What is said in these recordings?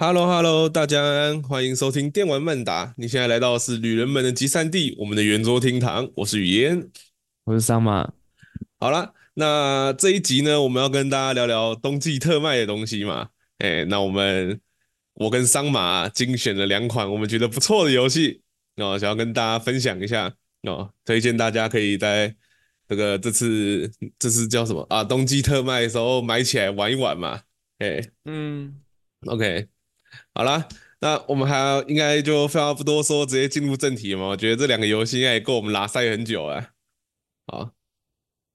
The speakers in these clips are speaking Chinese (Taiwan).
Hello Hello，大家歡迎收聽電玩漫達。你現在來到的是旅人們的集散地，我們的圓桌廳堂。我是雨嫣，我是桑馬。好了，那這一集呢，我們要跟大家聊聊冬季特賣的東西嘛。哎、欸，那我們我跟桑馬精選了兩款我們覺得不錯的遊戲哦，想要跟大家分享一下哦，推薦大家可以在這個這次這次叫什麼啊？冬季特賣的時候買起來玩一玩嘛。哎、欸，嗯，OK。好啦，那我們還要應該就廢話不多說，直接進入正題嘛？我覺得這兩個遊戲應該也夠我們拉賽很久了啊。好，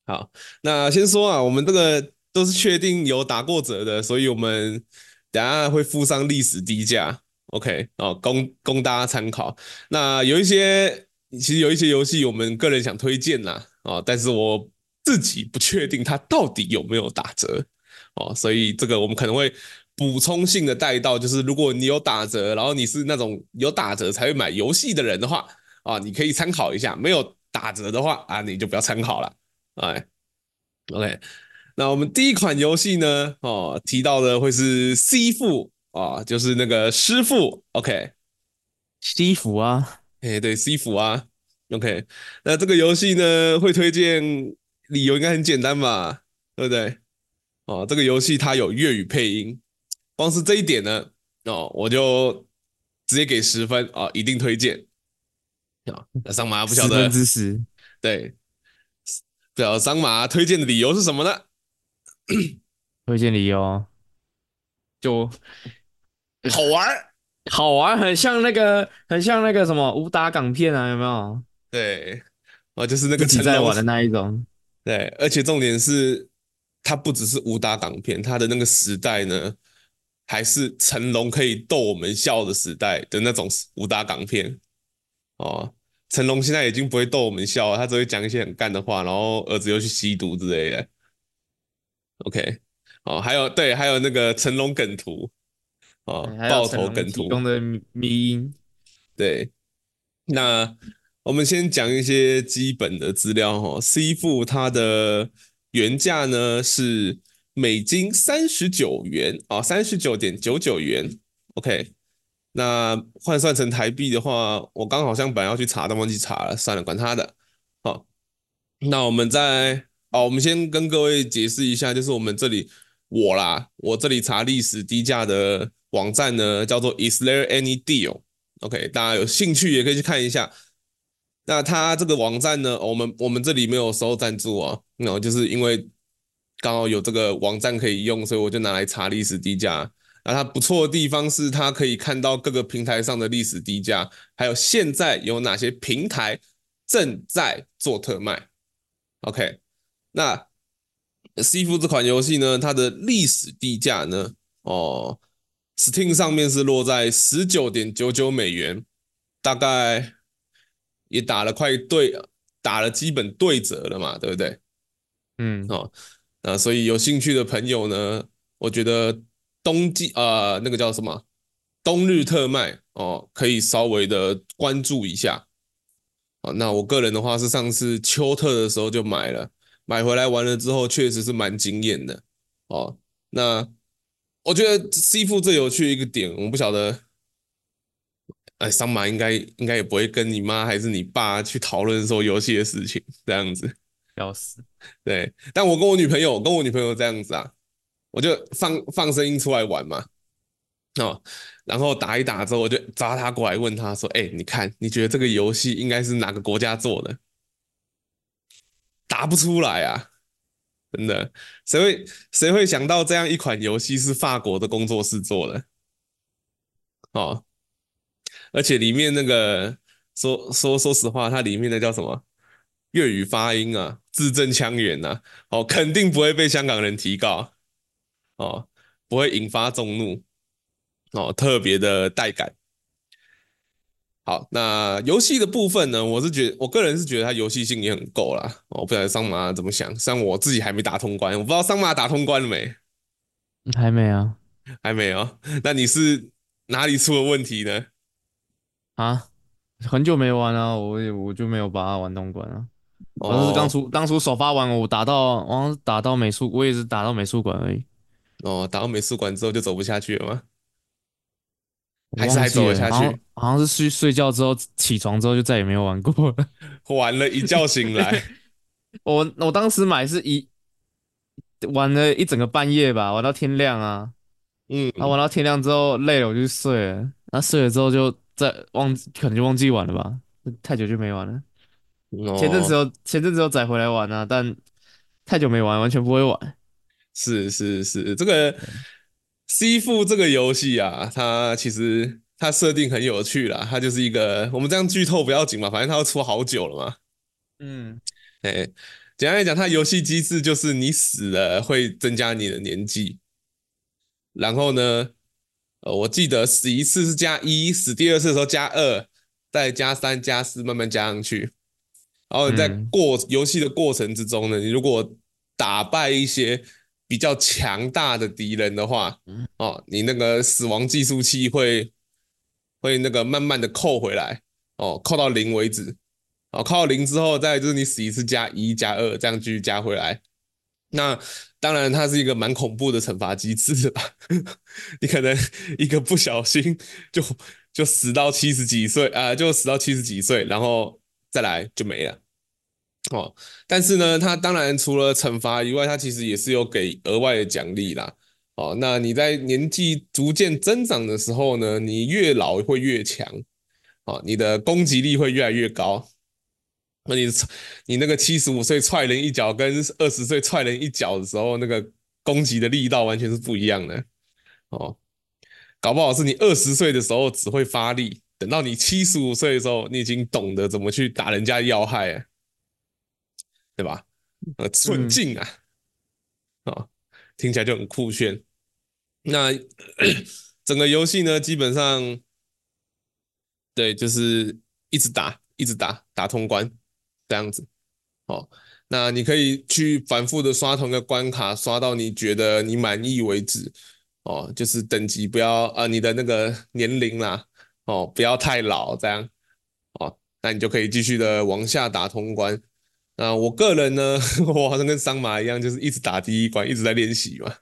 好，那先說啊，我們這個都是確定有打過折的，所以我們等下會附上歷史低價，OK 哦，供供大家參考。那有一些其實有一些遊戲我們個人想推薦啦，哦，但是我自己不確定它到底有沒有打折哦，所以這個我們可能會。補充性的帶到，就是如果你有打折，然後你是那種有打折才會買遊戲的人的話，啊，你可以參考一下。沒有打折的話，啊，你就不要參考了，哎。OK，那我們第一款遊戲呢，哦，提到的會是 C 服啊、哦，就是那個師父。OK，C 服啊，哎、欸，對，C 服啊。OK，那這個遊戲呢，會推薦理由應該很簡單吧，對不對？哦，這個遊戲它有粵語配音。光是這一點呢，哦，我就直接給十分啊，哦，一定推薦。那桑麻不曉得十分之十，對，對，桑麻推薦的理由是什麼呢？推薦理由就好玩，好玩，很像那個，很像那個什麼武打港片啊，有沒有？對，哦，就是那個存在我的那一種。對，而且重點是，它不只是武打港片，它的那個時代呢。還是成龍可以逗我們笑的時代的那種武打港片哦，成龍現在已經不會逗我們笑了，他只會講一些很乾的話，然後兒子又去吸毒之類的。OK，哦，還有對，還有那個成龍梗圖哦，爆頭梗圖。中的迷音，對。那我們先講一些基本的資料哈，CF、哦、它的原價呢是，美金三十九元啊，三十九點九九元。OK，那換算成台幣的話，我剛好像本來要去查，但忘記查了，算了，管他的。好，那我們再……哦，我們先跟各位解釋一下，就是我們這裡我啦，我這裡查歷史低價的網站呢，叫做 Is There Any Deal？OK，、OK，大家有興趣也可以去看一下。那他這個網站呢，哦、我們我們這裡沒有收贊助哦、啊，然、嗯、後就是因為。剛好有這個網站可以用，所以我就拿來查歷史低價。那、啊、它不錯的地方是，它可以看到各個平台上的歷史低價，還有現在有哪些平台正在做特賣。OK，那《Civ》這款遊戲呢，它的歷史低價呢？哦，Steam 上面是落在十九點九九美元，大概也打了快對，打了基本對折了嘛，對不對？嗯，哦。啊，所以有興趣的朋友呢，我覺得冬季啊、呃，那個叫什麼冬日特賣哦，可以稍微的關注一下啊、哦。那我個人的話是上次秋特的時候就買了，買回來玩了之後確實是蠻驚艷的哦。那我覺得 C f 最有趣的一個點，我不曉得，哎，桑麻應該應該也不會跟你媽還是你爸去討論說遊戲的事情這樣子。要死，對，但我跟我女朋友，我跟我女朋友這樣子啊，我就放放聲音出來玩嘛，哦，然後打一打之後，我就抓他過來問他說：“哎、欸，你看，你覺得這個遊戲應該是哪個國家做的？”答不出來啊，真的，誰會誰會想到這樣一款遊戲是法國的工作室做的？哦，而且裡面那個，說說說實話，它裡面的叫什麼？粵語發音啊？字正腔圓吶、啊，哦，肯定不會被香港人提告，哦，不會引發眾怒，哦，特別的帶感。好，那遊戲的部分呢？我是覺得，我個人是覺得它遊戲性也很夠啦。哦，不曉得桑馬怎麼想，像我自己還沒打通關，我不知道桑馬打通關了沒？還沒啊，還沒啊、哦。那你是哪裡出了問題呢？啊，很久沒玩啊，我也我就沒有把它玩通關啊。.好像是當初、哦、當初首發完，我打到我好像是打到美術我也是打到美術館而已。哦，打到美術館之後就走不下去了嗎？了還是還走了下去？好像，好像是睡睡覺之後，起床之後就再也沒有玩過了。玩了一覺醒來， 我我當時買是一玩了一整個半夜吧，玩到天亮啊。嗯，然後玩到天亮之後累了我就睡了，那睡了之後就再忘可能就忘記玩了吧。太久就沒玩了。No, 前陣子有前陣子有載回來玩啊，但太久沒玩，完全不會玩。是是是，這個《Sifu》，嗯，Sifu，這個遊戲啊，它其實它設定很有趣啦。它就是一個我們這樣劇透不要緊嘛，反正它要出好久了嘛。嗯，哎、hey，簡單來講，它遊戲機制就是你死了會增加你的年紀，然後呢，呃，我記得死一次是加一，死第二次的時候加二，再加三、加四，慢慢加上去。然後在過遊戲的過程之中呢，你如果打敗一些比較強大的敵人的話，哦，你那個死亡計數器會會那個慢慢的扣回來，哦，扣到零為止，哦，扣到零之後再就是你死一次加一加二，這樣繼續加回來。那當然它是一個蠻恐怖的懲罰機制吧，你可能一個不小心就就死到七十幾歲啊、呃，就死到七十幾歲，然後再來就沒了。哦，但是呢，他當然除了懲罰以外，他其實也是有給額外的獎勵啦。哦，那你在年紀逐漸增長的時候呢，你越老會越強，哦，你的攻擊力會越來越高。那你你那個七十五歲踹人一腳，跟二十歲踹人一腳的時候，那個攻擊的力道完全是不一樣的。哦，搞不好是你二十歲的時候只會發力，等到你七十五歲的時候，你已經懂得怎麼去打人家要害啊。對吧？呃，純淨啊，啊、嗯哦，聽起來就很酷炫。那咳咳整個遊戲呢，基本上，對，就是一直打，一直打，打通關這樣子。哦，那你可以去反復的刷同一個關卡，刷到你覺得你滿意為止。哦，就是等級不要呃，你的那個年齡啦，哦，不要太老這樣。哦，那你就可以繼續的往下打通關。啊，我個人呢，我好像跟桑麻一樣，就是一直打第一關，一直在練習嘛。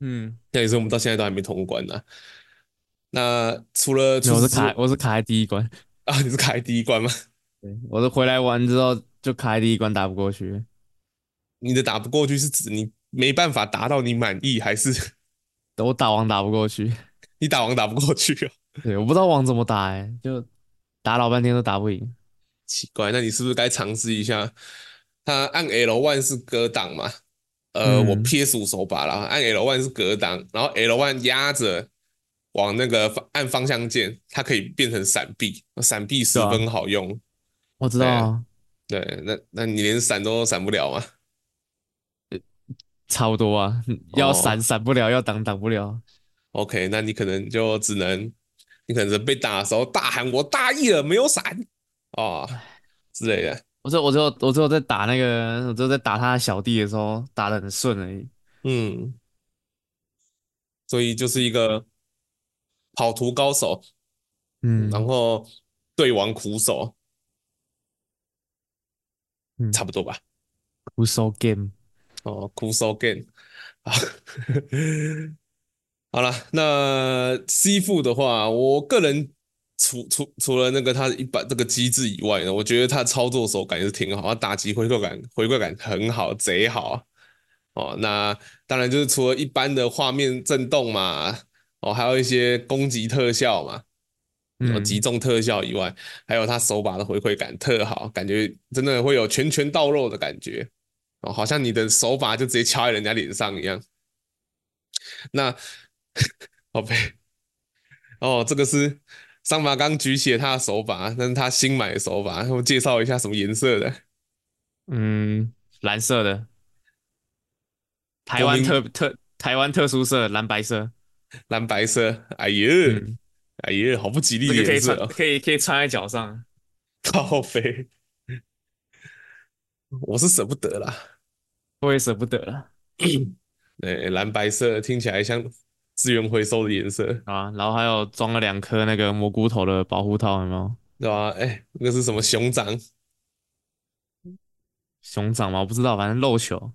嗯，那也是我們到現在都還沒通關呢、啊。那除了我是卡，我是卡在第一關啊，你是卡在第一關嗎？對，我是回來玩之後就卡在第一關打不過去。你的打不過去是指你沒辦法達到你滿意，還是我打王打不過去？你打王打不過去啊、喔？對，我不知道王怎麼打、欸，哎，就打老半天都打不贏。奇怪，那你是不是該嘗試一下？它按 L one 是格擋嘛？呃，嗯、我 PS5 手把啦，按 L one 是格擋，然後 L one 壓着往那個按方向鍵，它可以變成閃避，閃避十分好用、啊。我知道啊，對，啊對，那那你連閃都閃不了嗎？差不多啊，要閃閃不了，哦、要擋擋不了。OK，那你可能就只能，你可能被打的時候大喊我大意了，沒有閃。啊、哦，之類的。我只有、我只有、我只有在打那個，我只有在打他的小弟的時候，打得很順而已。嗯，所以就是一個跑圖高手，嗯，然後對王苦手，嗯，差不多吧。苦手 game。哦，苦手 game。好了， 那 C 副的話，我個人。除除除了那個他一般這個機制以外呢，我覺得他的操作手感也是挺好，他打擊回饋感回饋感很好，賊好哦，那當然就是除了一般的畫面震動嘛，哦，還有一些攻擊特效嘛，什麼擊中特效以外，嗯，還有他手把的回饋感特好，感覺真的會有拳拳到肉的感覺，哦，好像你的手把就直接敲在人家臉上一樣。那寶貝， 哦，這個是。上把剛舉起了他的手把，那是他新買的手把，我介紹一下什麼顏色的？嗯，藍色的，台灣特特台灣特殊色，藍白色，藍白色，哎呦、嗯、哎呦，好不吉利的顏色、這個可，可以可以穿在腳上，超肥，我是捨不得了，我也捨不得了，哎、欸，藍白色聽起來像。資源回收的顏色啊，然後還有裝了兩顆那個蘑菇頭的保護套，有沒有？對、啊、吧？哎、欸，那個是什麼熊掌？熊掌嗎？我不知道，反正肉球。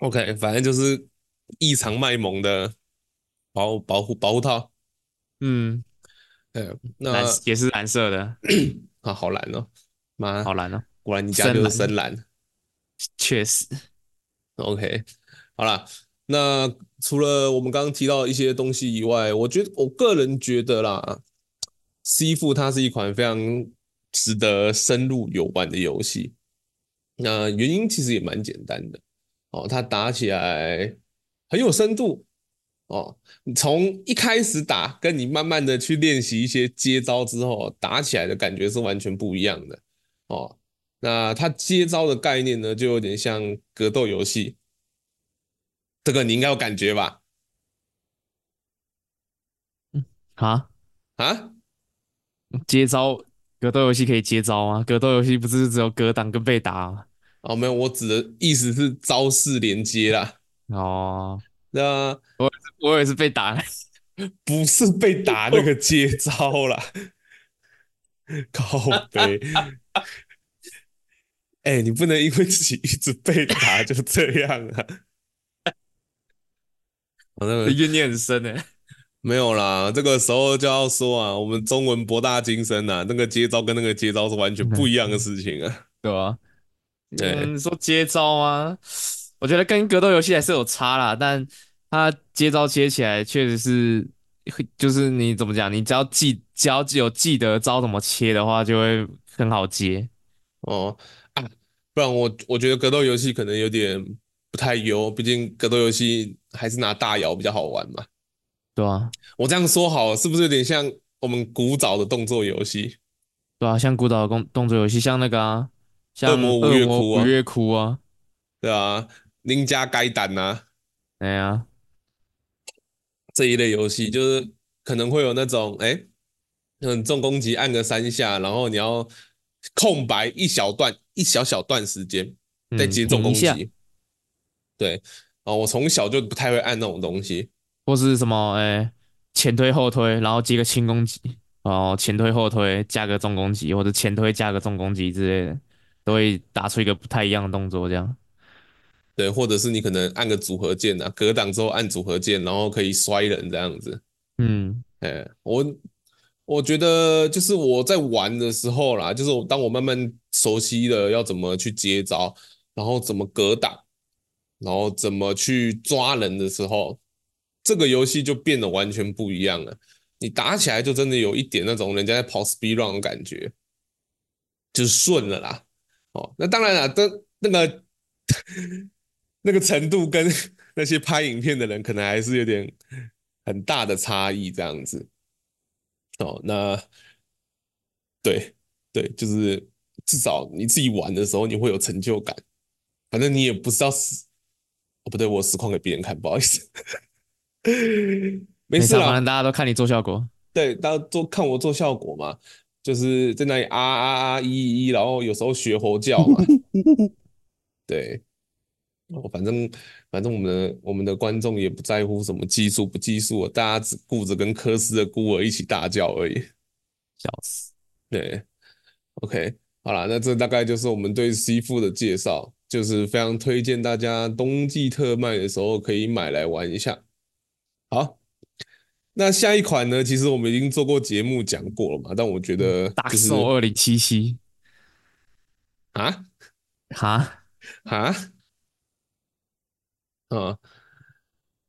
OK，反正就是異常賣萌的保保護保，保護套。嗯，哎、欸，那也是藍色的 啊，好藍哦，蠻，好藍哦，果然你家就是深藍，深藍確實。OK，好了。那除了我們剛剛提到一些東西以外，我覺得我個人覺得啦，Sifu 它是一款非常值得深入遊玩的遊戲。那原因其實也蠻簡單的哦，它打起來很有深度哦。你從一開始打，跟你慢慢的去練習一些接招之後，打起來的感覺是完全不一樣的哦。那它接招的概念呢，就有點像格鬥遊戲。這個你應該有感覺吧？嗯、啊，啊，接招！格鬥遊戲可以接招啊？格鬥遊戲不是只有格擋跟被打？哦，沒有，我指的意思是招式連接啦。哦，那我我也是被打，不是被打那個接招了，哦。靠北！哎，欸，你不能因為自己一直被打就這樣啊！哦、那個怨念很深呢，沒有啦，這個時候就要說啊，我們中文博大精深吶、啊，那個接招跟那個接招是完全不一樣的事情啊，嗯、對吧、啊，你、嗯、說接招啊，我覺得跟格鬥遊戲還是有差啦，但他接招接起來確實是，就是你怎麼講，你只要記，只要只有記得招怎麼切的話，就會很好接哦、啊、不然我我覺得格鬥遊戲可能有點不太優，畢竟格鬥遊戲。還是拿大搖比較好玩嘛？對啊，我這樣說好了，是不是有點像我們古早的動作遊戲？對啊，像古早的動作遊戲，像那個啊，像惡魔五月哭啊，對啊，林家改蛋啊，哎呀、啊，這一類遊戲就是可能會有那種哎，很、欸、重攻擊，按個三下，然後你要空白一小段一小小段時間再、嗯、接重攻擊，對。哦，我從小就不太會按那種東西，或是什麼，哎、欸，前推後推，然後接個輕攻擊，哦，前推後推加個重攻擊，或者前推加個重攻擊之類的，都會打出一個不太一樣的動作，這樣。對，或者是你可能按個組合鍵啊，格擋之後按組合鍵，然後可以摔人這樣子。嗯，哎、欸，我我覺得就是我在玩的時候啦，就是我當我慢慢熟悉了要怎麼去接招，然後怎麼格擋，然後怎麼去抓人的時候，這個遊戲就變得完全不一樣了。你打起來就真的有一點那種人家在跑 speed run 的感覺，就是順了啦。哦，那當然啦，那那個那個程度跟那些拍影片的人可能還是有點很大的差異。這樣子，哦，那對對，就是至少你自己玩的時候你會有成就感，反正你也不知道是要死。不對，我實況給別人看，不好意思。 沒事啊，沒，反正大家都看你做效果。對，大家都看我做效果嘛，就是在那裡啊啊啊，啊，一,一一，然後有時候學猴叫嘛。 對、哦，反正反正我們的我們的觀眾也不在乎什麼技術不技術、啊，大家只顧着跟科斯的孤兒一起大叫而已。笑死。對。OK，好了，那這大概就是我們對 C 副的介紹。就是非常推薦大家冬季特賣的時候可以買來玩一下。好，那下一款呢？其實我們已經做過節目講過了嘛，但我覺得、就是嗯、大秀二零七七。啊哈？啊啊、嗯！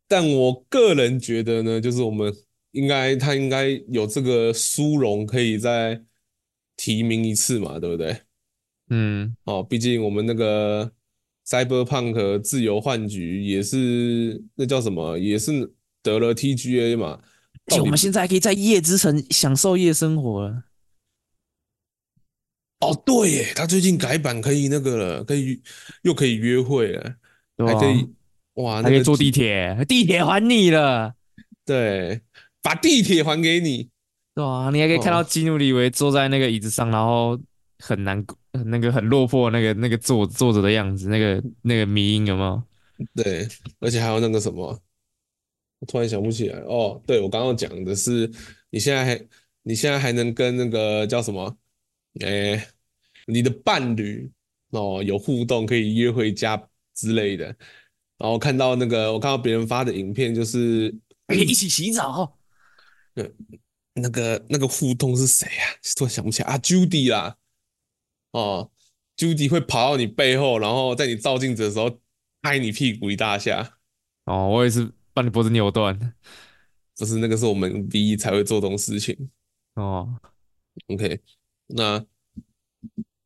但我個人覺得呢，就是我們應該他應該有這個殊榮可以再提名一次嘛，對不對？嗯，哦，畢竟我們那個 Cyberpunk 自由幻局，也是那叫什麼，也是得了 TGA 嘛。且、欸，我們現在還可以在夜之城享受夜生活了。哦，對耶，他最近改版可以那個了，可以又可以約會了，啊、還可以哇，還可以坐地鐵、那個，地鐵還你了。對，把地鐵還給你，哇、啊，你還可以看到基努里維坐在那個椅子上，哦、然後很難過。那個很落魄，那個，那個那個作作者的樣子，那個那個迷因有沒有？對，而且還有那個什麼，我突然想不起來。哦，對，我剛剛講的是，你現在還，你現在還能跟那個叫什麼？哎，欸，你的伴侶哦，有互動，可以約回家之類的。然後看到那個，我看到別人發的影片，就是可以一起洗澡、哦。對，嗯，那個那個互動是誰呀、啊？突然想不起來啊，Judy 啦。哦，Judy 會跑到你背後，然後在你照鏡子的時候拍你屁股一大下。哦，我也是把你脖子扭斷，不是那個是我們 v e 才會做這種事情。哦，OK，那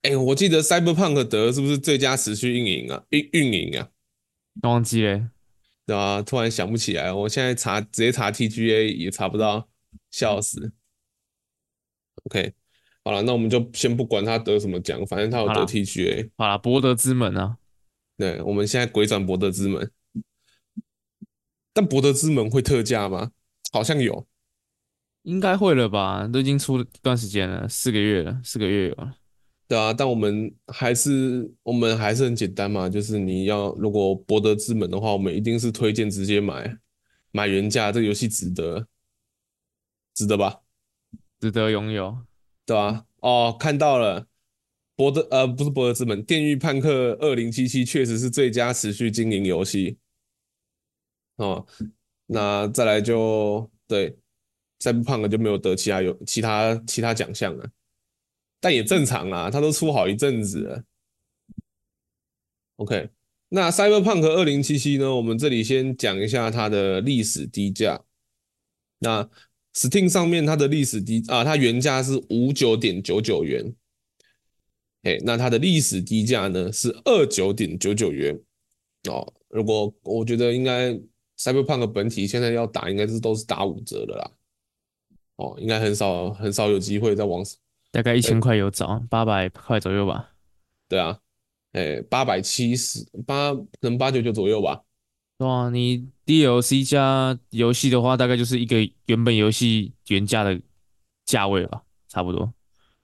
哎、欸，我記得 Cyberpunk 得是不是最佳持續運營啊？運運營啊？忘記了，對啊，突然想不起來。我現在查直接查 TGA 也查不到，笑死。OK。好啦，那我們就先不管他得什麼獎，反正他有得 TGA。好啦，博德之門啊，對，我們現在鬼轉博德之門。但博德之門會特價嗎？好像有，應該會了吧？都已經出一段時間了，四個月了，四個月有了。對啊，但我們還是我們還是很簡單嘛，就是你要，如果博德之門的話，我們一定是推薦直接買買原價，這個遊戲值得，值得吧？值得擁有。對吧、啊？哦，看到了，博德呃不是博德之門，《電獄叛客二零七七》確實是最佳持續經營遊戲。哦，那再來就對，《Cyberpunk》就沒有得其他有其他其他獎項了，但也正常啦，它都出好一陣子了。OK，那《Cyberpunk 二零七七》呢？我們這裡先講一下它的歷史低價。那 Steam 上面它的歷史低啊，它原價是五九點九九元，哎、欸，那它的歷史低價呢是二九點九九元哦。如果我覺得應該 Cyberpunk 本體現在要打，應該是都是打五折的啦。哦，應該很少很少有機會再往，欸、大概一千塊有找，八百塊左右吧？對啊，哎、欸，八百七十八可能八九九左右吧？哇，你 DLC 加遊戲的話，大概就是一個原本遊戲原價的價位吧，差不多，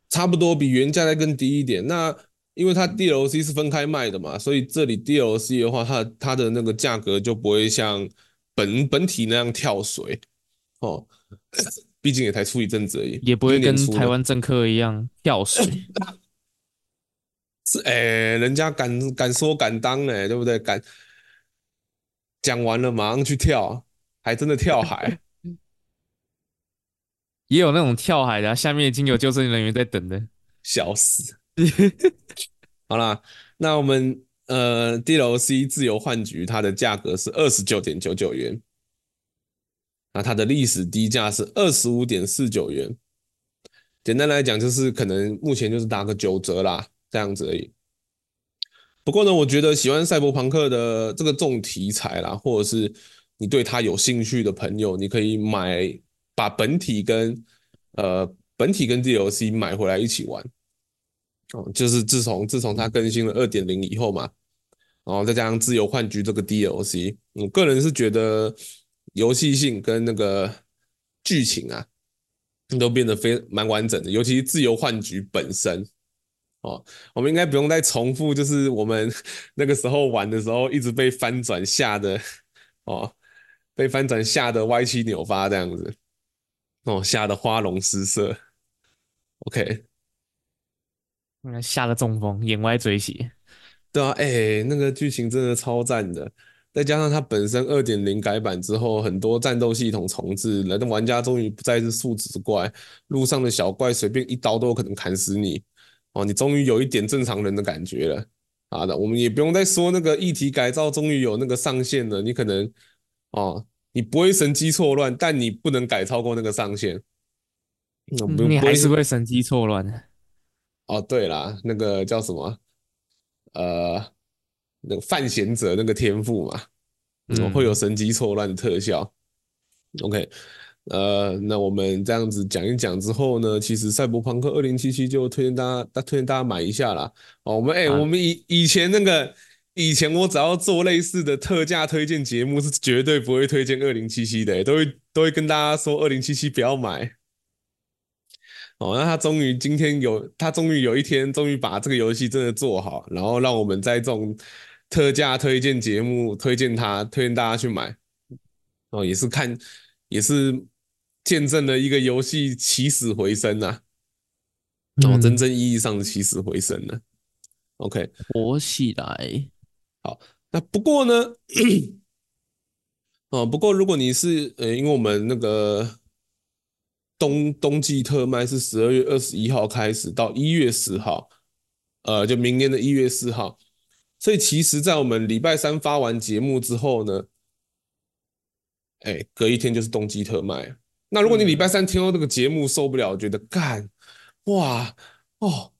差不多比原價再更低一點。那因為它 DLC 是分開賣的嘛，所以這裡 DLC 的話，它它的那個價格就不會像本本體那樣跳水哦。畢竟也才出一陣子而已，也不會跟台灣政客一樣跳水。 是哎、欸，人家敢敢說敢當呢、欸，對不對？敢。講完了，馬上去跳，還真的跳海，也有那種跳海的，啊，下面已經有救生人員在等的，笑死。 好啦，那我們呃，DLC 自由換局，它的價格是二十九點九九元，啊，它的歷史低價是二十五點四九元，簡單來講就是可能目前就是打個九折啦，這樣子而已。不過呢，我覺得喜歡賽博朋克的這個這種題材啦，或者是你對它有興趣的朋友，你可以買把本體跟呃本體跟 DLC 買回來一起玩。哦，就是自從自從它更新了二點零以後嘛，然後再加上自由幻局這個 DLC，我個人是覺得遊戲性跟那個劇情啊都變得非蠻完整的，尤其是自由幻局本身。哦，我們應該不用再重複，就是我們那個時候玩的時候，一直被翻轉嚇的，哦，被翻轉嚇的歪七扭八這樣子，哦，嚇得花容失色，OK，那個嚇得中風眼歪嘴斜，對啊，哎、欸，那個劇情真的超讚的，再加上它本身二點零改版之後，很多戰鬥系統重置，來的玩家終於不再是數值怪，路上的小怪隨便一刀都有可能砍死你。哦，你終於有一點正常人的感覺了啊！那我們也不用再說那個義體改造終於有那個上限了。你可能哦，你不會神經錯亂，但你不能改超過那個上限。你還是會神經錯亂的。哦，對了，那個叫什麼？呃，那個犯險者那個天賦嘛，麼、嗯、會有神經錯亂的特效。OK。呃，那我們這樣子講一講之後呢，其實《賽博朋克2077》就推薦大家，推推薦大家買一下啦。哦，我們哎、欸啊，我們以以前那個，以前我只要做類似的特價推薦節目，是絕對不會推薦2077的、欸，都會都會跟大家說2077不要買。哦，那他終於今天有，他終於有一天，終於把這個遊戲真的做好，然後讓我們在這種特價推薦節目推薦他，推薦大家去買。哦，也是看，也是。見證了一個遊戲起死回生吶，哦，真正意義上的起死回生了、啊。OK，活起來。好，那不過呢，哦，不過如果你是呃、欸，因為我們那個冬冬季特賣是十二月二十一號開始到一月四號，呃，就明年的一月四號，所以其實，在我們禮拜三發完節目之後呢，哎，隔一天就是冬季特賣。那如果你禮拜三聽到這個節目受不了，覺得幹，哇哦，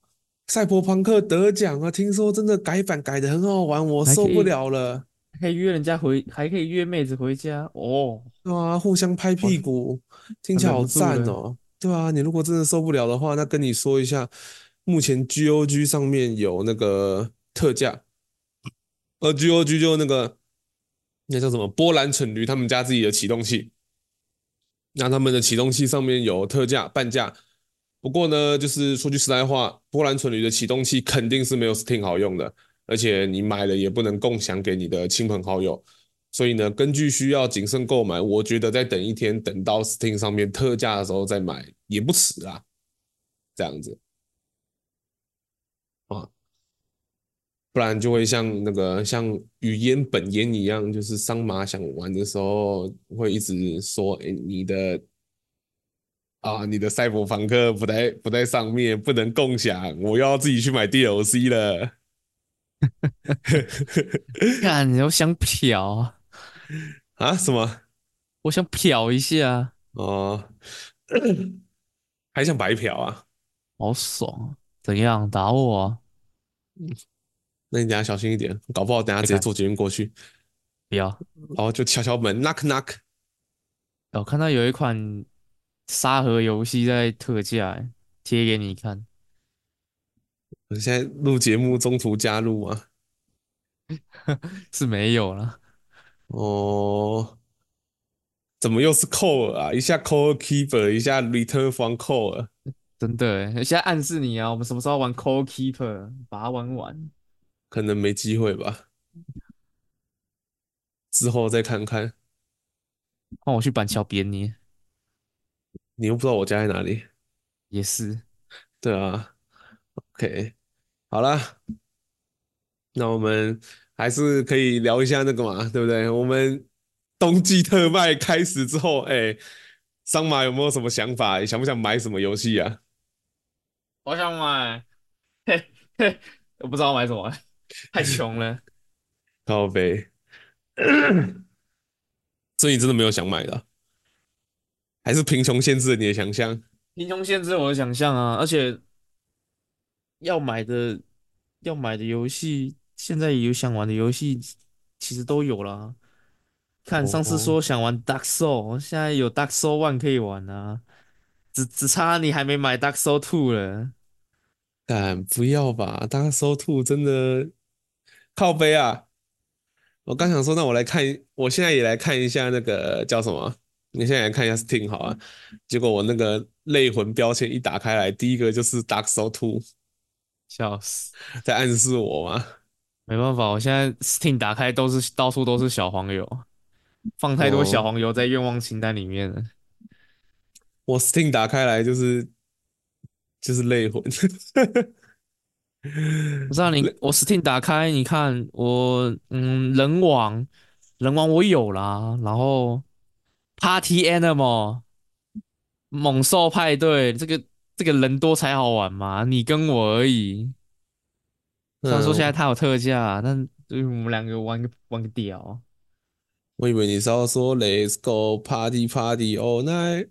賽博朋克得獎啊！聽說真的改版改的很好玩，我受不了了。還可以，還可以約人家回，還可以約妹子回家哦。對啊，互相拍屁股，聽起來好贊哦，喔。對啊，你如果真的受不了的話，那跟你說一下，目前 GOG 上面有那個特價，而 GOG 就那個，那叫什麼，波蘭蠢驢他們家自己的啟動器。那他們的啟動器上面有特價半價，不過呢，就是說句實在話，波蘭蠢驢的啟動器肯定是沒有 Steam 好用的，而且你買了也不能共享給你的親朋好友，所以呢，根據需要謹慎購買，我覺得再等一天，等到 Steam 上面特價的時候再買也不遲啊，這樣子。不然就會像那個像語言本言一樣，就是桑馬想玩的時候，會一直說：“哎、欸，你的啊，你的賽博朋克不在不在上面，不能共享，我要自己去買 DLC 了。 看”看你要想嫖啊？什麼？我想嫖一下哦咳咳，還想白嫖啊？好爽啊！怎樣打我？那你等下小心一點，搞不好等下直接坐捷運過去。不要，然後就敲敲門，knock knock。我看到有一款沙盒遊戲在特價，貼給你看。我現在錄節目，中途加入啊， 是沒有了。哦，怎麼又是 Core 啊？一下 Core Keeper，一下 Return from Core。真的，現在暗示你啊，我們什麼時候玩 Core Keeper，把它玩完。可能沒機會吧，之後再看看。讓我去板橋別捏？你又不知道我家在哪裡。也是，對啊。OK，好啦，那我們還是可以聊一下那個嘛，對不對？我們冬季特賣開始之後，哎、欸，桑馬有沒有什麼想法？想不想買什麼遊戲啊？我想買，嘿嘿，我不知道買什麼。太窮了靠北。 所以真的沒有想買的、啊，還是貧窮限制了你的想象？貧窮限制我的想象啊！而且要買的、要買的遊戲，現在有想玩的遊戲其實都有了。看上次說想玩 Dark Souls、哦，現在有 Dark Souls One 可以玩啊，只只差你還沒買 Dark Souls Two 了。但不要吧？Dark Souls Two 真的。靠北啊！我剛想說，那我來看，我現在也來看一下那個叫什麼？你現在來看一下 Steam，好啊。結果我那個類魂標籤一打開來，第一個就是 Dark Soul Two，笑死，在暗示我嗎？沒辦法，我現在 Steam 打開都是到處都是小黃油，放太多小黃油在願望清單裡面了。哦，我 Steam 打開來就是就是類魂。 我知道你我 Steam 打開，你看我嗯，仁王，仁王我有啦，然後 Party Animal 猛獸派對，這個這個人多才好玩嘛，你跟我而已。雖然說現在它有特價，嗯，但對我們兩個玩個玩個屌。我以為你是要說 Let's go Party Party all night。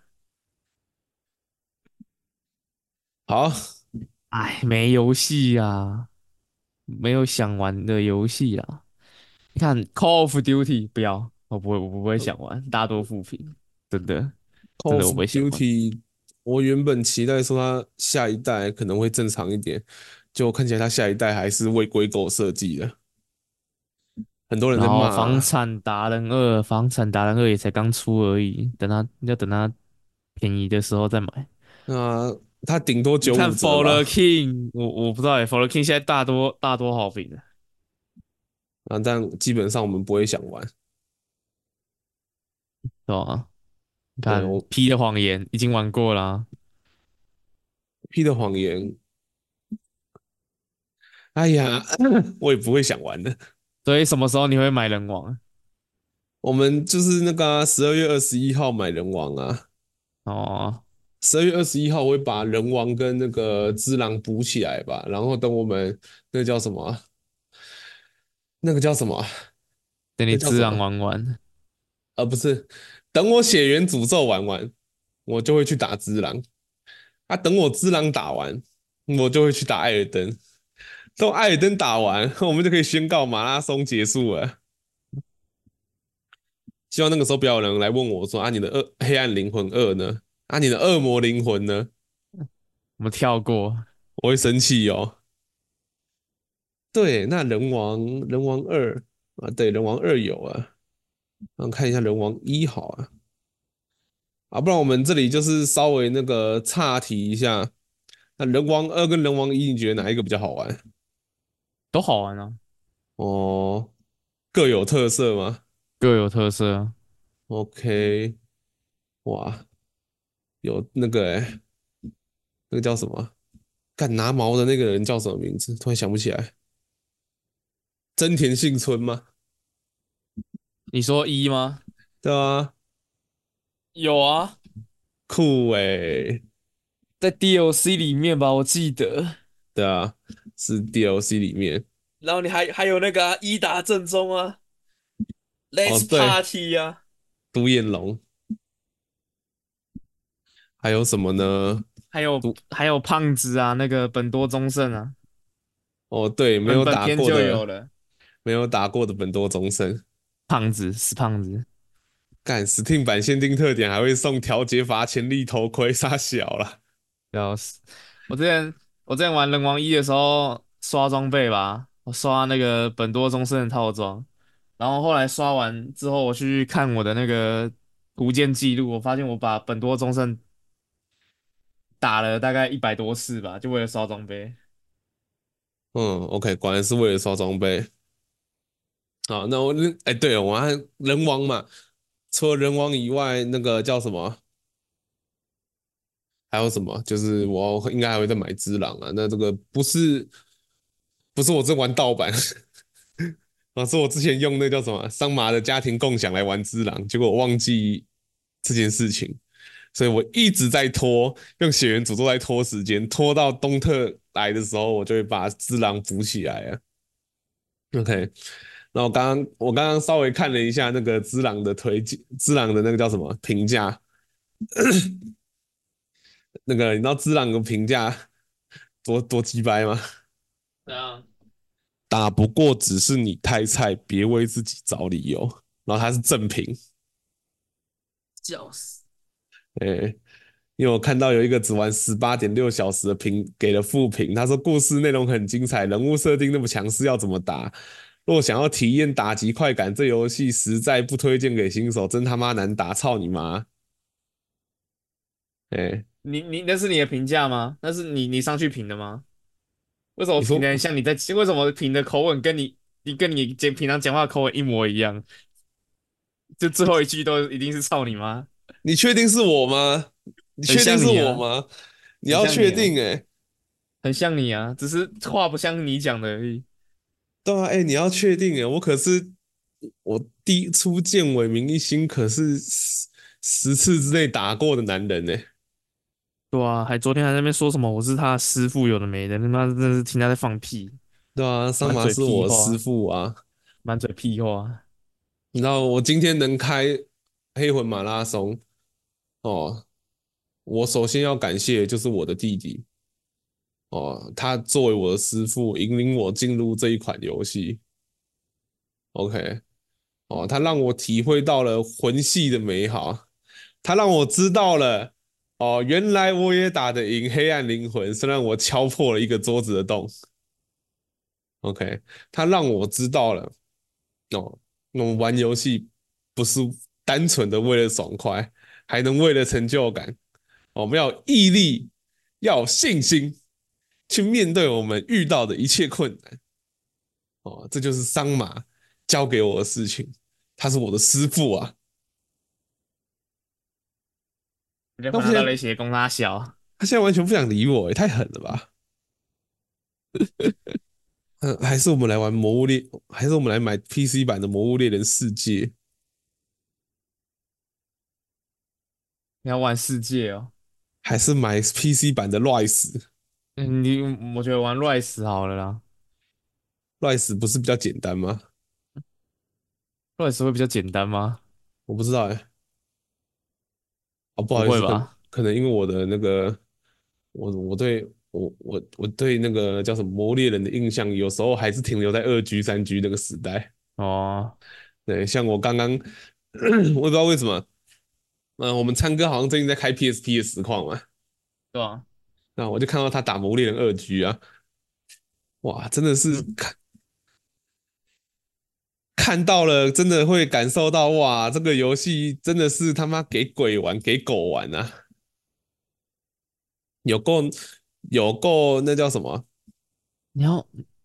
好，哎，沒遊戲啊，沒有想玩的遊戲啊。你看《Call of Duty》，不要，我不會，我不會想玩，呃、大多負評，真的，Call、真的我不會想玩。《Call of Duty》，我原本期待說它下一代可能會正常一點，就看起來它下一代還是為龜狗設計的。很多人在罵、啊。然後《房產達人二》，《房產達人二》也才剛出而已，等它要等它便宜的時候再買。那。他頂多九五折看 For the King, 我《For the King》，我我不知道哎，《For the King》現在大多大多好評、啊、但基本上我們不會想玩，懂嗎、啊？看《P 的謊言》已經玩過了、啊，《P 的謊言》哎呀，我也不會想玩的。 所以什麼時候你會買人王？我們就是那個啊、十二月二十一號買人王啊。哦。十二月二十一號，我會把仁王跟那個只狼補起來吧。然後等我們那個叫什麼，那個叫什麼，等你只狼玩完，那個，呃，不是，等我血源詛咒玩完，我就會去打只狼。啊，等我只狼打完，我就會去打艾爾登。等艾爾登打完，我們就可以宣告馬拉松結束了。希望那個時候不要有人來問我說：“啊，你的惡，黑暗靈魂二呢？”那、啊、你的惡魔靈魂呢？我們跳過，我會生氣哦。對，那人王人王二啊，對人王二有啊。我們看一下人王一好啊。啊，不然我們這裡就是稍微那個岔題一下。那人王二跟人王一，你覺得哪一個比較好玩？都好玩啊。哦，各有特色嗎？各有特色。OK，哇。有那個誒、欸、那個叫什麼敢拿毛的那個人叫什麼名字？突然想不起來。真田幸村嗎？你說一、e、嗎？對啊，有啊，酷誒、欸，在 DLC 裡面吧，我記得。對啊，是 DLC 裡面。 然後你還還有那個、啊、伊達正宗啊，Let's Party 啊，獨眼龍。哦還有什麼呢？還有還有胖子啊，那個本多忠勝啊。哦，對，沒有打過的，本本有沒有打過的本多忠勝，胖子，死胖子，幹 Steam 版限定特典還會送調節閥前立頭盔，殺小了，要死！我之前我之前玩仁王一的時候刷裝備吧，我刷那個本多忠勝的套裝，然後後來刷完之後我去看我的那個古劍記錄，我發現我把本多忠勝。打了大概一百多次吧，就為了刷裝備。嗯，OK，果然是為了刷裝備。好，那我哎、欸，對了，我還仁王嘛，除了仁王以外，那個叫什麼？還有什麼？就是我應該還會再買只狼啊。那這個不是不是我在玩盜版，啊，是我之前用那叫什麼桑麻的家庭共享來玩只狼，結果我忘記這件事情。所以我一直在拖，用血源詛咒在拖時間，拖到冬特來的時候，我就會把只狼補起來啊。OK，然後我剛，剛我剛剛稍微看了一下那個只狼的推薦，只狼的那個叫什麼評價？ 那個你知道只狼的評價多多雞掰嗎？對啊，打不過只是你太菜，別為自己找理由。然後他是正品，就是。哎、欸，因為我看到有一個只玩十八點六小時的評給了負評，他說故事內容很精彩，人物設定那麼強勢，要怎麼打？若想要體驗打擊快感，這遊戲實在不推薦給新手，真他媽難打，操你媽！哎、欸，你你那是你的評價嗎？那是你你上去評的嗎？為什麼評的像你在你為什麼評的口吻跟你你跟你講平常講話的口吻一模一樣？就最後一句都一定是操你媽。你確定是我嗎？你確定是我嗎？你，啊、你要確定哎、欸啊，很像你啊，只是話不像你講的而已。對啊，哎、欸，你要確定哎、欸，我可是我第一初見偉明一心，可是十十次之內打過的男人呢、欸。對啊，還昨天還在那邊說什麼我是他師傅，有的沒的，他媽真的是聽他在放屁。對啊，上把是我師傅啊，滿嘴屁話。你知道我今天能開？黑魂馬拉松哦，我首先要感謝就是我的弟弟哦，他作為我的師父，引領我進入這一款遊戲。OK，哦，他讓我體會到了魂系的美好，他讓我知道了哦，原來我也打得贏黑暗靈魂，雖然我敲破了一個桌子的洞。OK，他讓我知道了哦，我們玩遊戲不是。單純的為了爽快，還能為了成就感，哦、我們要毅力，要有信心，去面對我們遇到的一切困難。哦，這就是桑馬教給我的事情，他是我的師父啊。我被他拉到雷邪攻拉小他，他現在完全不想理我，也太狠了吧！ 還是我們來玩魔物獵，還是我們來買 PC 版的《魔物獵人世界》。你要玩世界哦？還是買 PC 版的 Rise？嗯，你我覺得玩 Rise 好了啦，Rise 不是比較簡單嗎？Rise 會比較簡單嗎？我不知道哎。哦，不好意思，啊，可能因為我的那個，我我對我我我對那個叫什麼魔獵人的印象，有時候還是停留在二 G 三 G 那個時代哦。對，像我剛剛， 我也不知道為什麼。嗯、呃，我們唱哥好像最近在開 PSP 的實況啊，對啊，那、啊、我就看到他打魔物獵人二 G 啊，哇，真的是看看到了，真的會感受到哇，這個遊戲真的是他媽給鬼玩，給狗玩啊，有夠有夠那叫什麼？你要，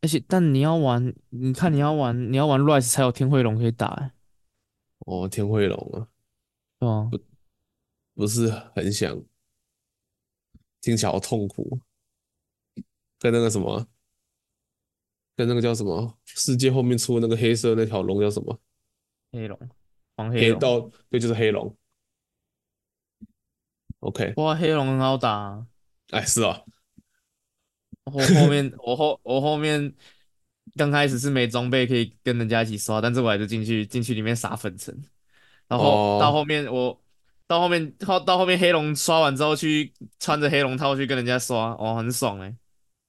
而且但你要玩，你看你要玩，你要玩 Rise 才有天彗龍可以打，欸、哦，天彗龍啊，對啊。不是很想，聽起來好痛苦。跟那個什麼，跟那個叫什麼，世界後面出的那個黑色那條龍叫什麼？黑龍，黃黑龍。黑到，對，就是黑龍。OK，哇，黑龍很好打啊。哎、欸，是啊、喔。我後面， 我後，我後面剛開始是沒裝備，可以跟人家一起刷，但是我還是進去進去裡面撒粉塵，然後，後、哦、到後面我。到後面，到到後面，黑龍刷完之後去穿着黑龍套去跟人家刷，哦，很爽哎、欸，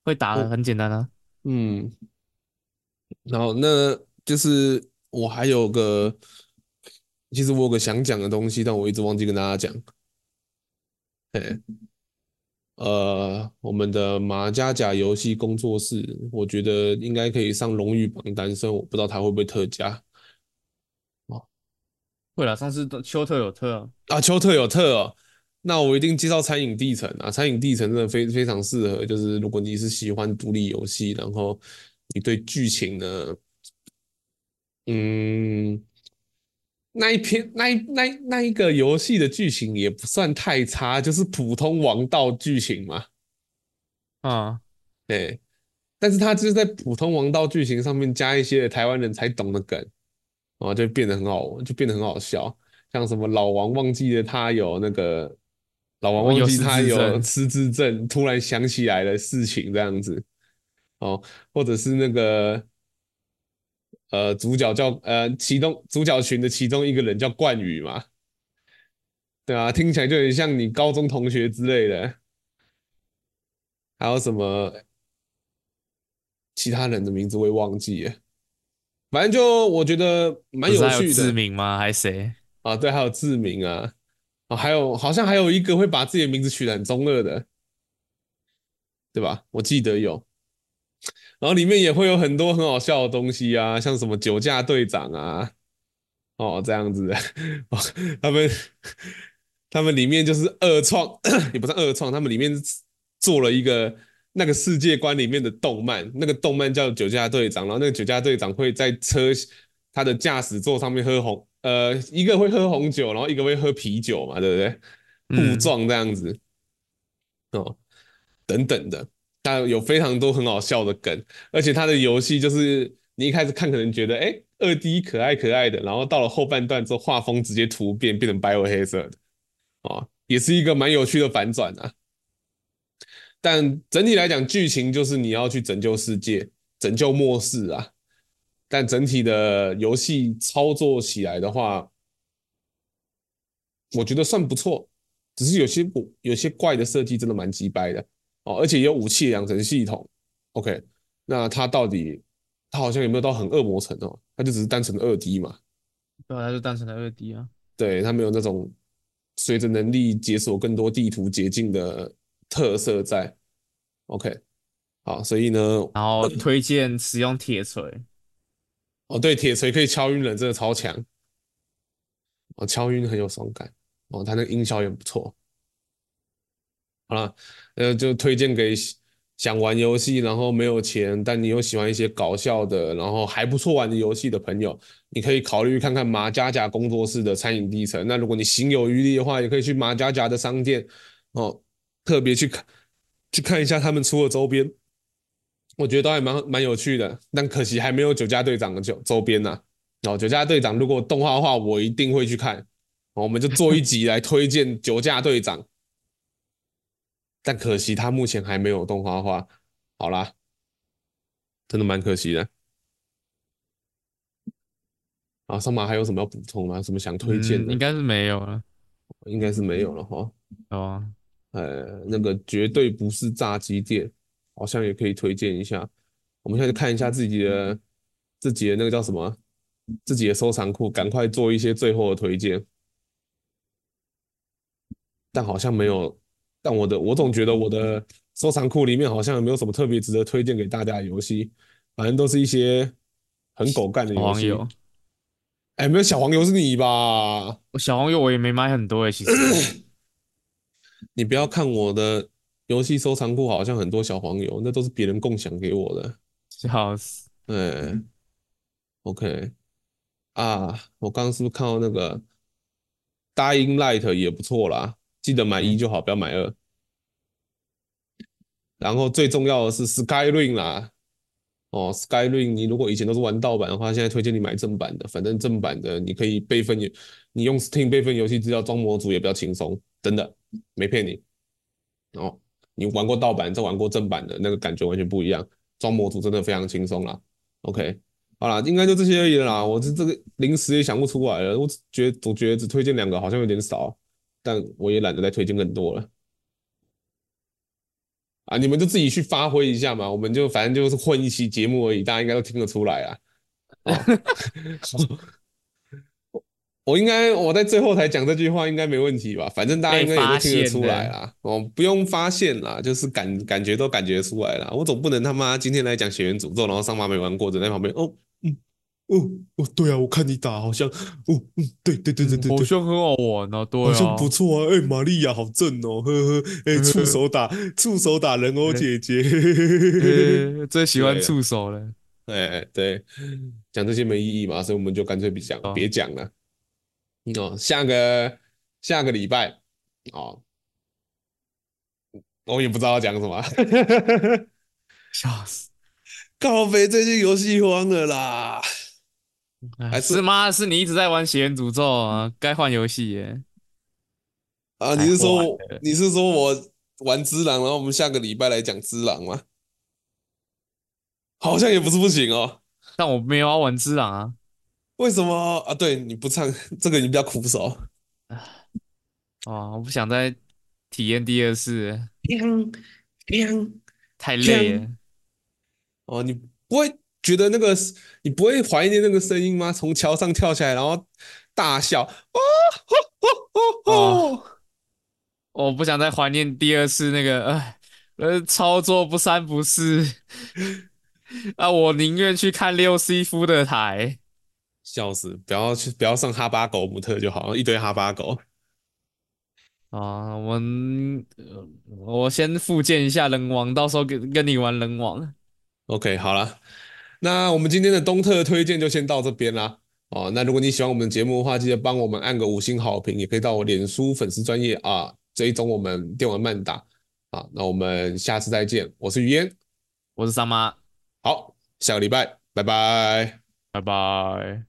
會打、哦，很簡單啊。嗯，然後那就是我還有個，其實我有個想講的東西，但我一直忘記跟大家講。哎， 呃，我們的馬家甲遊戲工作室，我覺得應該可以上榮譽榜單上，所以我不知道他會不會特價。會了，他是秋特有特，哦、啊，秋特有特哦，那我一定介紹餐癮地城啊，餐癮地城真的非非常適合，就是如果你是喜歡獨立遊戲，然後你對劇情呢，嗯，那一篇那那那，那一個遊戲的劇情也不算太差，就是普通王道劇情嘛，啊，對，但是他就是在普通王道劇情上面加一些台灣人才懂的梗。哦，就變得很好，就變得很好笑，像什麼老王忘記了他有那個，老王忘記他有失智症，突然想起來的事情這樣子，哦，或者是那個，呃，主角叫呃，其中主角群的其中一個人叫冠宇嘛，對啊，聽起來就很像你高中同學之類的，還有什麼其他人的名字會忘記？反正就我覺得蠻有趣的。還有志明嗎？還是誰啊？對，還有志明啊，啊，還有好像還有一個會把自己的名字取成中二的，對吧？我記得有。然後裡面也會有很多很好笑的東西啊，像什麼酒駕隊長啊，哦，這樣子的，的、哦。他們他們裡面就是二創，也不是二創，他們裡面做了一個。那個世界觀裡面的動漫，那個動漫叫酒駕隊長，然後那個酒駕隊長會在車他的駕駛座上面喝紅，呃，一個會喝紅酒，然後一個會喝啤酒嘛，對不對？誤撞這樣子、嗯，哦，等等的，但有非常多很好笑的梗，而且他的遊戲就是你一開始看可能覺得哎二 D 可愛可愛的，然後到了後半段之後畫風直接突變，變成白或黑色的，哦，也是一個蠻有趣的反轉啊。但整體來講，劇情就是你要去拯救世界，拯救末世啊。但整體的遊戲操作起來的話，我覺得算不錯。只是有些有些怪的設計真的蠻雞掰的哦。而且有武器養成系統。OK，那它到底它好像有沒有到很惡魔城哦？它就只是單純的 2D 嘛？對，它就單純的 2D 啊。對，它沒有那種隨着能力解鎖更多地圖捷徑的。特色在，OK，好，所以呢，然後推薦使用鐵錘，嗯、哦，對，鐵錘可以敲暈人，真的超強，哦，敲暈很有爽感，哦，它那個音效也不錯。好了，呃，就推薦給想玩遊戲，然後沒有錢，但你又喜歡一些搞笑的，然後還不錯玩的遊戲的朋友，你可以考慮看看馬家甲工作室的餐飲底層。那如果你行有餘力的話，也可以去馬家甲的商店，哦。特別去看，去看一下他們出的周邊，我覺得都還蠻蠻有趣的。但可惜還沒有酒駕隊長的周邊吶、啊。然、哦、後酒駕隊長如果動畫的話，我一定會去看、哦。我們就做一集來推薦酒駕隊長。 但可惜他目前還沒有動畫化。好啦，真的蠻可惜的。啊，上馬還有什麼要補充嗎？什麼想推薦的？嗯、應該是沒有了，應該是沒有了哈。哦。呃、嗯，那個絕對不是炸雞店，好像也可以推薦一下。我們現在去看一下自己的自己的那個叫什麼，自己的收藏庫，趕快做一些最後的推薦。但好像沒有，但我的我總覺得我的收藏庫裡面好像也沒有什麼特別值得推薦給大家的遊戲，反正都是一些很狗干的遊戲。哦。小黃油。哎、欸，沒有小黃油是你吧？我小黃油我也沒買很多哎、欸，其實。 你不要看我的遊戲收藏庫，好像很多小黃油，那都是別人共享給我的。笑死、欸，嗯，OK，啊，我剛剛是不是看到那個《Dying Light》也不錯啦？記得買一就好、嗯，不要買二。然後最重要的是《Skyrim》啦，哦，《Skyrim》，你如果以前都是玩盜版的話，現在推薦你買正版的。反正正版的你可以備份，你用 Steam 備份遊戲資料裝模組也比較輕鬆，真的。沒騙你，哦，你玩過盜版，再玩過正版的，那個感覺完全不一樣。裝模組真的非常輕鬆啦。OK，好了，應該就這些而已了啦。我這這個臨時也想不出來了，我覺得，總覺得只推薦兩個好像有點少，但我也懶得再推薦更多了。啊，你們就自己去發揮一下嘛，我們就反正就是混一期節目而已，大家應該都聽得出來啊。哦 我應該我在最後才講這句話應該沒問題吧？反正大家應該也都聽得出來啦。哦、欸喔，不用發現啦，就是感感覺都感覺出來啦。我總不能他媽今天來講血源詛咒，然後上巴沒玩過，站在旁邊，哦、喔，嗯，哦、喔、哦、喔，對啊，我看你打好像，哦、喔、嗯，對對對對對，嗯、好像很好玩哦、喔，對啊，好像不錯啊，哎、欸，瑪莉亞好正哦、喔，呵呵，哎、欸，觸手打觸 手打人偶。姐姐、欸 欸，最喜歡觸手了，哎、對、啊、對，講這些沒意義嘛，所以我們就乾脆別講別講了。哦，下個下個禮拜哦，我也不知道要講什麼。笑，笑死，靠北最近遊戲荒了啦、哎還是，是嗎？是你一直在玩《血源詛咒》啊？該換遊戲耶。啊，你是說、哎、你是說我玩《隻狼》，然後我們下個禮拜來講《隻狼》嗎？好像也不是不行哦、喔。但我沒有要玩《隻狼》啊。為什麼啊？對，你不唱這個，你比較苦手啊、哦！我不想再體驗第二次了、呃呃呃，太累了。哦，你不會覺得那個，你不會懷念那個聲音嗎？從橋上跳下來，然後大笑，哦哦哦哦，哦！我不想再懷念第二次那個，哎，呃，操作不三不四， 啊，我寧願去看六 C 夫的台。笑死，不要去，不要上哈巴狗母特就好，一堆哈巴狗。啊，我們、呃，我先復健一下人王，到時候跟跟你玩人王。OK，好了，那我們今天的冬特推薦就先到這邊啦。哦、啊，那如果你喜歡我們節目的話，記得幫我們按個五星好評，也可以到我臉書粉絲專頁啊追蹤我們電玩慢打啊。那我們下次再見，我是於煙，我是三媽，好，下個禮拜，拜拜，拜拜。